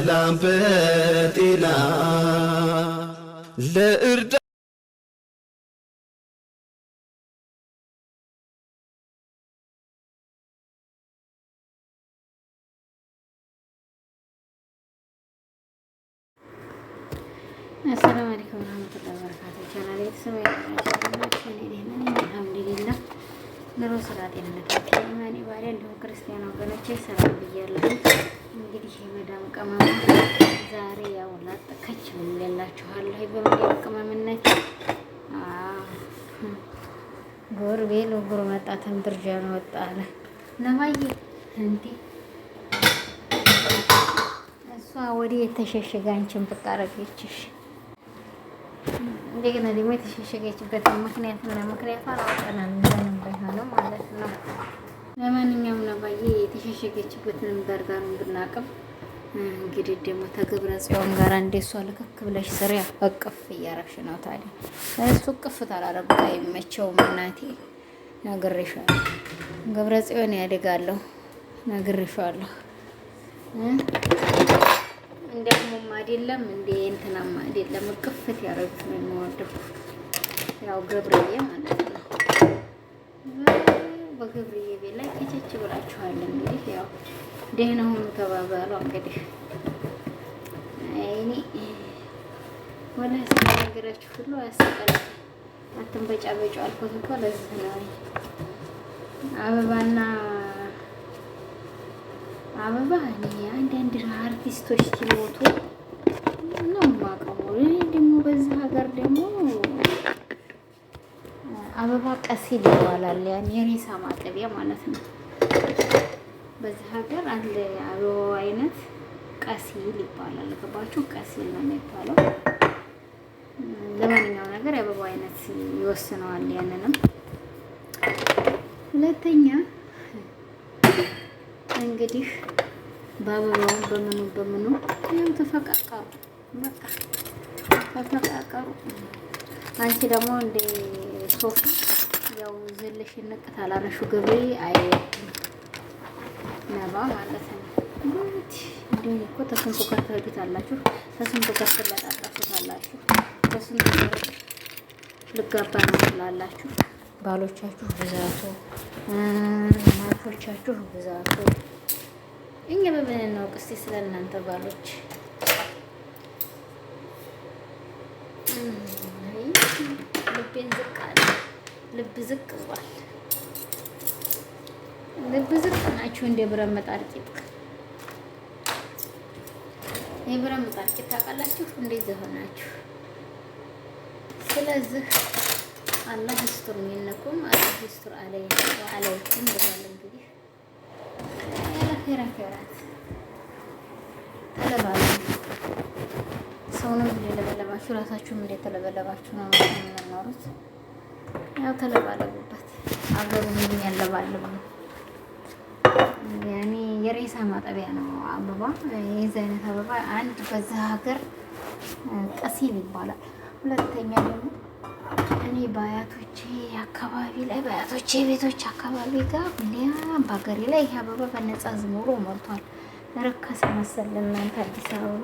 ሰላም በጤና ለእርዳ አሰላሙ አለይኩም ወራህመቱላሂ ወበረካቱሁ። ቻናሌ የተሰማኝ ናቸው። እኔ ደህና ነኝ አልሐምዱሊላህ። ኑሮ ስራ፣ ጤንነት ኢማን ባሪያ እንዲሁም ክርስቲያን ሰላም ብያለሁ። እንግዲህ የመዳም ቅመም ዛሬ ያው ላጠከች ብያላችኋለሁ። በመዳም ቅመምነት ጎር ጉር መጣ ነው ወጣለ ለማየ እንዲ እሷ ወዲህ የተሸሸገ አንቺን ብቃረገችሽ እንደገና ደግሞ የተሸሸገችበትን ምክንያት እና ምክንያቷን አውቀናል። ምንም ባይሆንም ማለት ነው። ለማንኛውም ነው ባየ የተሸሸገችበትን በርጋሩን ብናቅም እንግዲህ ደግሞ ተገብረ ጽዮን ጋር እንደሷ ልክክ ብለሽ ስሪ። እቅፍ እያረግሽ ነው ታዲያ። እሱ እቅፍት አላረጉት አይመቸውም። እናቴ ነግሬሻለሁ፣ ገብረ ጽዮን ያድጋለሁ፣ ነግሬሻለሁ። ደክሞም አይደለም እንደ እንትናም አይደለም ቅፍት ያደረጉት ነው የምወደው። ያው ገብርዬ ማለት ነው። በገብርዬ ቤት ላይ ከቸች ብላችኋል። እንግዲህ ያው ደህና ሁኑ ተባባሉ። እንግዲህ አይኒ ወላ ስናገራችሁ ሁሉ አያስቀል አትንበጫ በጫ አልኩት እኮ ለዚህ ነው አበባና አበባ እኔ አንዳንድ አርቲስቶች ሲሞቱ ነው የማውቀው። እኔ ደግሞ በዚህ ሀገር ደግሞ አበባ ቀሲል ይባላል። ያን የሬሳ ማጠቢያ ማለት ነው። በዚህ ሀገር አንድ አበባው አይነት ቀሲል ይባላል። ገባችሁ? ቀሲል ነው የሚባለው። ለማንኛውም ነገር የአበባ አይነት ይወስነዋል። ያንንም ሁለተኛ እንግዲህ በአበባውን በምኑ በምኑ ይኸው ተፈቃቀሩ። በቃ ተፈቃቀሩ። አንቺ ደግሞ እንደ ሶፊ ያው ዘለሽ ንቅት አላነሹ ገበሬ አይ ነባ ማለት ነው። ጉድ እንዲሁም እኮ ተስንቱ ጋር አላችሁ፣ ተስንቱ ጋር አላችሁ፣ ተስንቱ ልጋባ ነው ትላላችሁ። ባሎቻችሁ ብዛቱ፣ እናቶቻችሁ ብዛቱ እኛ በምን እናውቅ እስቲ ስለ እናንተ ባሎች ልቤን ዝቅ አለ። ልብ ዝቅ ብሏል። ልብ ዝቅ ናችሁ እንደ ብረት ምጣድ ቂጥ። የብረት ምጣድ ቂጥ ታውቃላችሁ? እንደዚያ ሆናችሁ። ስለዚህ አላህ ይስቱር ሚነኩም አላህ አለይ አለይኩም ብሏል እንግዲህ አፌር ተለባለ ሰውንም እንደለበለባችሁ ራሳችሁም እንደተለበለባችሁ ነው የምንኖሩት። ያው ተለባለቡበት አገሩ ምንም ያለባለብ ነው። ያኔ የሬሳ ማጠቢያ ነው አበባ። የዚህ አይነት አበባ አንድ በዛ ሀገር ቀሲል ይባላል። ሁለተኛ ደግሞ እኔ በአያቶቼ አካባቢ ላይ በአያቶቼ ቤቶች አካባቢ ጋር ሊያ በሀገሬ ላይ ይህ አበባ በነጻ ዝሙሮ ሞልቷል። ረከሰ መሰል እናንተ አዲስ አበባ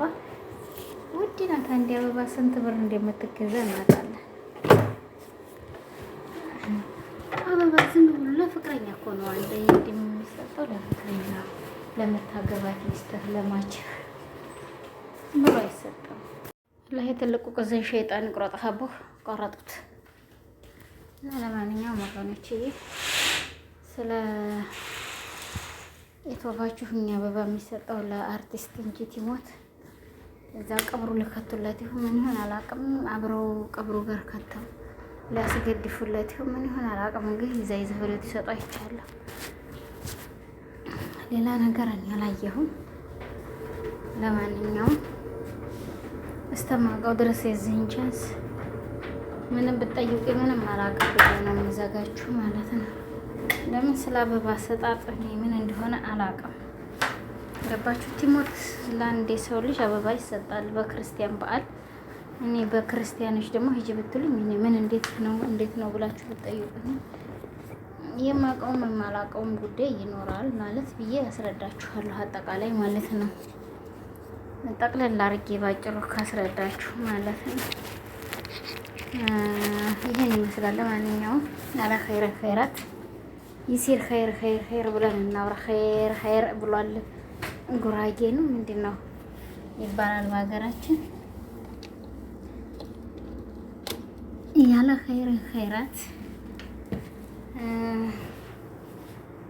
ውድ ናት። አንድ አበባ ስንት ብር እንደምትገዛ እናውቃለን። አበባ ዝም ብሎ ለፍቅረኛ እኮ ነው አንድ የሚሰጠው ለፍቅረኛ ለምታገባት ሚስትህ ለማችህ ብሎ አይሰጠም። ላይ ትልቁ ቅዝን ሸይጣን ይቆረጥሃቦህ ቆረጡት። እና ለማንኛውም ወገኖቼ ስለ የተወፋችሁ እኛ አበባ የሚሰጠው ለአርቲስት እንጂ ቲሞት እዛ ቀብሩ ልከቱለት ይሁን ምን ይሁን አላውቅም። አብረው ቀብሩ ጋር ከተው ሊያስገድፉለት ይሁን ምን ይሁን አላውቅም። ግን ይዛ ይዘፈለት ይሰጡ አይቻለሁ። ሌላ ነገር እኔ አላየሁም። ለማንኛውም እስተማቀው ድረስ የዚህን ቻንስ ምንም ብጠይቁ ምንም አላውቅም ብዬ ነው የምዘጋችሁ ማለት ነው። ለምን ስለ አበባ አሰጣጥ እኔ ምን እንደሆነ አላውቅም። ገባችሁ? ቲሞት ለአንድ ሰው ልጅ አበባ ይሰጣል በክርስቲያን በዓል። እኔ በክርስቲያኖች ደግሞ ሂጅ ብትሉኝ ምን እንዴት ነው እንዴት ነው ብላችሁ ብጠይቁኝ የማውቀውም የማላውቀውም ጉዳይ ይኖራል ማለት ብዬ ያስረዳችኋለሁ። አጠቃላይ ማለት ነው ጠቅለል አድርጌ ባጭሩ ካስረዳችሁ ማለት ነው። ይህን ይመስላል። ለማንኛውም አላ ኸይረ ኸይራት ይሲር ኸይር ኸይር ኸይር ብለን እናውራ። ኸይር ኸይር ብሏል። ጉራጌ ነው ምንድን ነው ይባላል በሀገራችን። ያለ ኸይር ኸይራት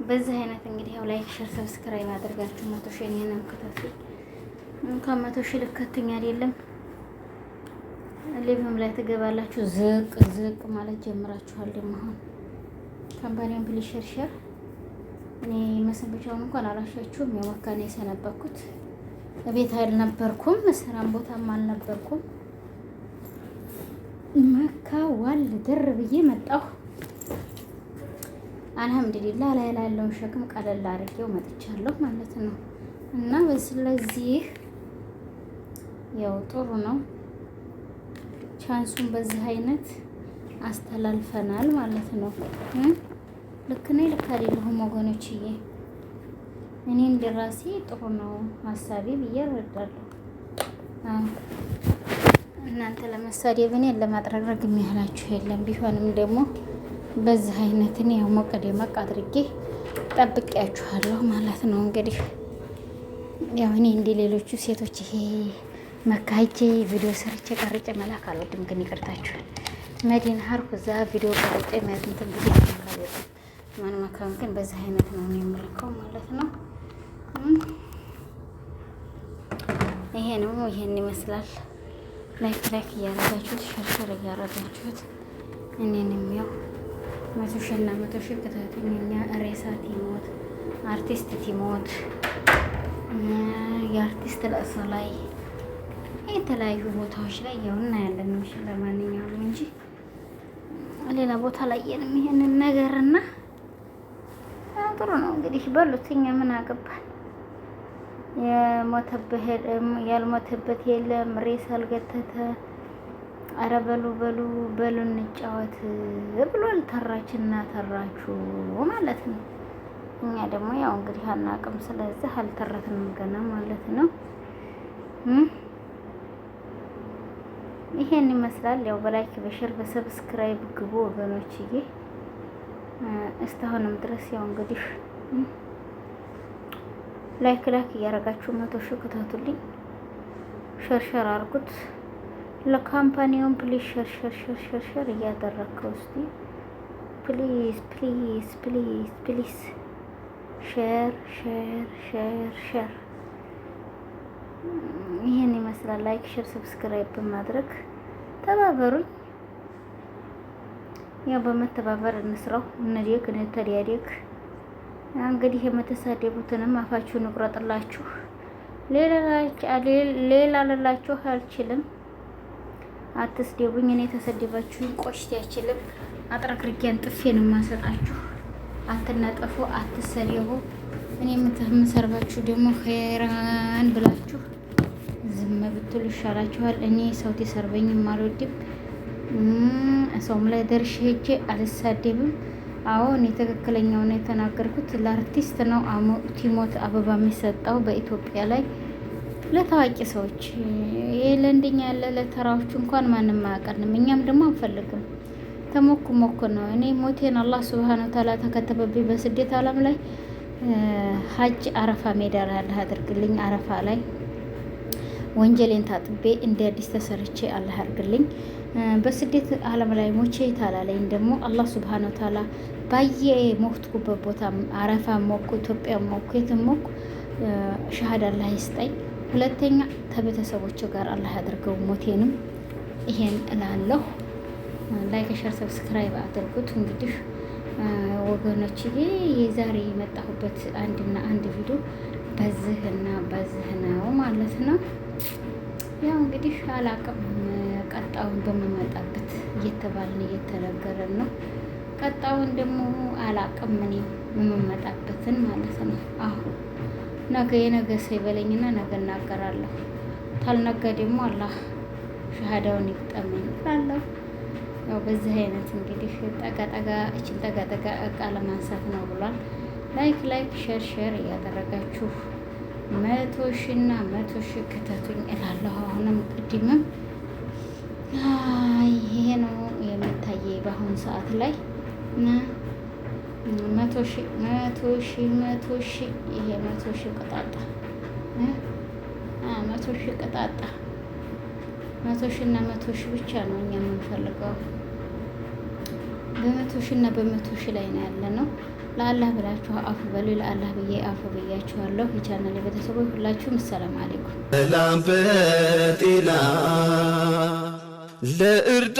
በዚህ አይነት እንግዲህ ያው ላይክ ሸር ሰብስክራይብ አድርጋችሁ መቶ ሺህ እኔንም ክተቱ። እንኳን መቶ ሺህ ልከቱኝ አይደለም ሌቭም ላይ ትገባላችሁ። ዝቅ ዝቅ ማለት ጀምራችኋል። ደግሞ አሁን ካምፓኒውን ፕሊዝ ሸርሸር እኔ መሰንበቻውን እንኳን አላሻችሁም። ነው የሰነበኩት ቤት አልነበርኩም፣ ስራም ቦታም አልነበርኩም። መካ ዋል ድር ብዬ መጣሁ። አልሐምዱሊላ ላይ ላለውን ሸክም ቀለል አድርጌው መጥቻለሁ ማለት ነው እና በስለዚህ ያው ጥሩ ነው። ቻንሱን በዚህ አይነት አስተላልፈናል ማለት ነው። ልክ ነኝ ልክ አይደለሁም ወገኖችዬ? እኔ እንደራሴ ጥሩ ነው ሀሳቤ ብዬ እረዳለሁ። እናንተ ለመሳደብ እኔን ለማጥረግረግ የሚያህላችሁ የለም። ቢሆንም ደግሞ በዚህ አይነት እኔ ያው ሞቅ ደመቅ አድርጌ ጠብቂያችኋለሁ ማለት ነው። እንግዲህ ያው እኔ እንደ ሌሎቹ ሴቶች ይሄ መካ ሄጄ ቪዲዮ ሰርቼ ቀርጬ መላክ አልወድም፣ ግን ይቅርታችሁ መዲን ሀርኩ እዛ ቪዲዮ ቀርጬ መያዝ እንትን ብዙ አልወድም። ማን መክረም ግን በዚህ አይነት ነው የምልከው ማለት ነው። ይሄ ነው ይሄን ይመስላል። ላይክ ላይክ እያረጋችሁት ሸርሸር እያረጋችሁት እኔን የሚያው መቶ ሺህ እና መቶ ሺህ ክታተኝ እኛ ሬሳ ቲሞት አርቲስት ቲሞት የአርቲስት ለእሶ ላይ የተለያዩ ቦታዎች ላይ ያው እናያለን ነው። እሺ ለማንኛውም እንጂ ሌላ ቦታ ላይ የለም ይሄንን ነገርና ጥሩ ነው እንግዲህ በሉት። እኛ ምን አገባል? ያልሞተበት የለም ሬስ አልገተተ። አረ በሉ በሉ በሉ እንጫወት ብሏል። ተራች እና ተራችሁ ማለት ነው። እኛ ደግሞ ያው እንግዲህ አናውቅም። ስለዚህ አልተረትንም ገና ማለት ነው። ይሄን ይመስላል። ያው በላይክ በሼር በሰብስክራይብ ግቡ ወገኖችዬ። እስካሁንም ድረስ ያው እንግዲህ ላይክ ላይክ እያደረጋችሁ መቶ ሺህ ክተቱልኝ፣ ሸርሸር አድርጉት ለካምፓኒውን ፕሊዝ፣ ሸርሸር ሸርሸር እያደረግከው እስቲ ፕሊዝ ፕሊዝ ፕሊዝ ፕሊዝ ሸር ሸር ሸር ሸር ይመስላል። ላይክ፣ ሼር፣ ሰብስክራይብ በማድረግ ተባበሩኝ። ያው በመተባበር እንስራው። እንደግ እንተዳደግ። እንግዲህ የምትሳደቡትንም አፋችሁን እቁረጥላችሁ። ሌላ ልላችሁ አልችልም። አትስደቡኝ። እኔ ተሰደባችሁኝ ቆሽት አይችልም። አጥረግርጌን ጥፌን ማሰጣችሁ አትነጠፉ፣ አትሰደቡ። እኔ የምሰርባችሁ ደግሞ ኸይራን ብላችሁ ብትሉ ይሻላችኋል። እኔ ሰው ሲሰርበኝም አልወድም፣ ሰውም ላይ ደርሼ ሄጄ አልሳደብም። አዎ እኔ ትክክለኛው ነው የተናገርኩት። ለአርቲስት ነው ቲሞት አበባ የሚሰጠው በኢትዮጵያ ላይ ለታዋቂ ሰዎች። ይሄ ለእንደኛ ያለ ለተራዎቹ እንኳን ማንም አያውቀንም፣ እኛም ደግሞ አንፈልግም። ተሞኩ ሞኩ ነው። እኔ ሞቴን አላህ ሱብሃነሁ ወተዓላ ተከተበብኝ በስደት ዓለም ላይ ሀጅ አረፋ ሜዳ ላይ አድርግልኝ አረፋ ላይ ወንጀሌን ታጥቤ እንደ አዲስ ተሰርቼ አላህ ያርግልኝ። በስደት ዓለም ላይ ሞቼ ታላለኝ ደግሞ አላህ ስብሓን ታላ ባየ ሞትኩበት ቦታ አረፋ ሞኩ፣ ኢትዮጵያ ሞኩ፣ የትም ሞኩ ሻሃዳ አላህ ይስጠኝ። ሁለተኛ ከቤተሰቦቹ ጋር አላህ ያደርገው ሞቴንም። ይሄን እላለሁ። ላይክ ሸር፣ ሰብስክራይብ አድርጉት እንግዲህ ወገኖችዬ የዛሬ የመጣሁበት አንድና አንድ ቪዲዮ በዝህና በዝህ ነው ማለት ነው። ያው እንግዲህ አላቅም ቀጣውን በምመጣበት እየተባልን እየተነገረን ነው። ቀጣውን ደግሞ አላቅም እኔ የምመጣበትን ማለት ነው። አሁን ነገ የነገ ሰው ነገ እናገራለሁ። ታልነገ ደግሞ አላህ ሻሃዳውን ይጠመኝ እላለሁ። ያው በዚህ አይነት እንግዲህ ጠጋጠጋ እችን ጠጋጠጋ እቃ ለማንሳት ነው ብሏል። ላይክ ላይክ ሼር ሼር እያደረጋችሁ መቶ ሺና መቶ ሺ ክተቱኝ እላለሁ። አሁንም ቅድምም ይሄ ነው የምታየ በአሁኑ ሰዓት ላይ መቶ ሺ መቶ ሺ መቶ ሺ ይሄ መቶ ሺ ቅጣጣ መቶ ሺ ቅጣጣ መቶ ሺህ እና መቶ ሺህ ብቻ ነው እኛ የምንፈልገው። በመቶ ሺህ እና በመቶ ሺህ ላይ ነው ያለ ነው። ለአላህ ብላችሁ አፉ በሉ። ለአላህ ብዬ አፉ ብያችኋለሁ። የቻናል ቤተሰቦች ሁላችሁም ሰላም አለይኩም። ሰላም በጤና ለእርዳ